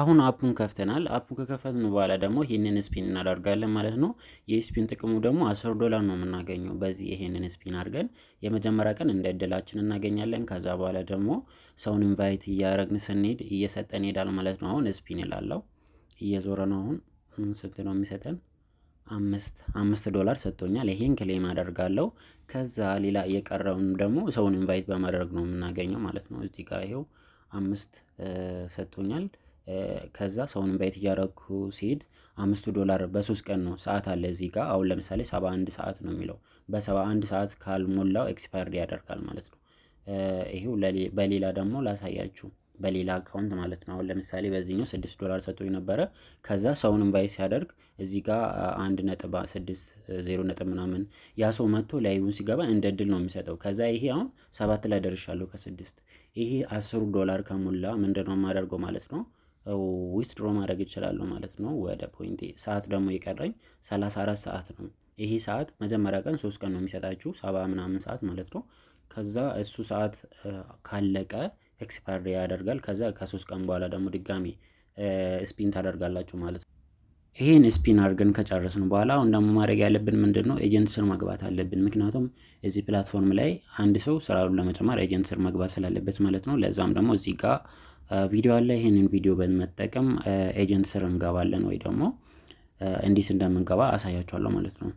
አሁን አፑን ከፍተናል። አፑ ከከፈትን በኋላ ደግሞ ይህንን ስፒን እናደርጋለን ማለት ነው። የስፒን ጥቅሙ ደግሞ አስር ዶላር ነው የምናገኘው። በዚህ ይህንን ስፒን አድርገን የመጀመሪያ ቀን እንደ እድላችን እናገኛለን። ከዛ በኋላ ደግሞ ሰውን ኢንቫይት እያረግን ስንሄድ እየሰጠን ይሄዳል ማለት ነው። አሁን ስፒን ይላለው እየዞረ ነው። አሁን ስንት ነው የሚሰጠን? አምስት አምስት ዶላር ሰጥቶኛል። ይሄን ክሌም አደርጋለሁ። ከዛ ሌላ የቀረውን ደግሞ ሰውን ኢንቫይት በማድረግ ነው የምናገኘው ማለት ነው። እዚህ ጋር ይሄው አምስት ሰጥቶኛል። ከዛ ሰውን ባይት እያደረኩ ሲሄድ አምስቱ ዶላር በሶስት ቀን ነው ሰዓት አለ እዚህ ጋር አሁን ለምሳሌ ሰባ አንድ ሰዓት ነው የሚለው በሰባ አንድ ሰዓት ካልሞላው ኤክስፓየርድ ያደርጋል ማለት ነው። ይሄው በሌላ ደግሞ ላሳያችሁ በሌላ አካውንት ማለት ነው። አሁን ለምሳሌ በዚህኛው ስድስት ዶላር ሰጥቶኝ ነበረ። ከዛ ሰውን ባይ ሲያደርግ እዚህ ጋር አንድ ነጥብ ስድስት ዜሮ ነጥብ ምናምን ያ ሰው መጥቶ ላይቡን ሲገባ እንደ ድል ነው የሚሰጠው። ከዛ ይሄ አሁን ሰባት ላይ ደርሻለሁ ከስድስት ይሄ አስሩ ዶላር ከሞላ ምንድነው የማደርገው ማለት ነው ዊስድሮ ማድረግ እችላለሁ ማለት ነው ወደ ፖይንቴ። ሰዓት ደግሞ የቀረኝ 34 ሰዓት ነው። ይሄ ሰዓት መጀመሪያ ቀን ሶስት ቀን ነው የሚሰጣችሁ ሰባ ምናምን ሰዓት ማለት ነው። ከዛ እሱ ሰዓት ካለቀ ኤክስፓየር ያደርጋል። ከዛ ከሶስት ቀን በኋላ ደግሞ ድጋሚ ስፒን ታደርጋላችሁ ማለት ነው። ይህን ስፒን አድርገን ከጨረስን በኋላ አሁን ደግሞ ማድረግ ያለብን ምንድን ነው? ኤጀንት ስር መግባት አለብን። ምክንያቱም እዚህ ፕላትፎርም ላይ አንድ ሰው ስራውን ለመጨመር ኤጀንት ስር መግባት ስላለበት ማለት ነው። ለዛም ደግሞ እዚህ ጋር ቪዲዮ አለ። ይህንን ቪዲዮ በመጠቀም ኤጀንት ስር እንገባለን ወይ ደግሞ እንዴት እንደምንገባ አሳያችኋለሁ ማለት ነው።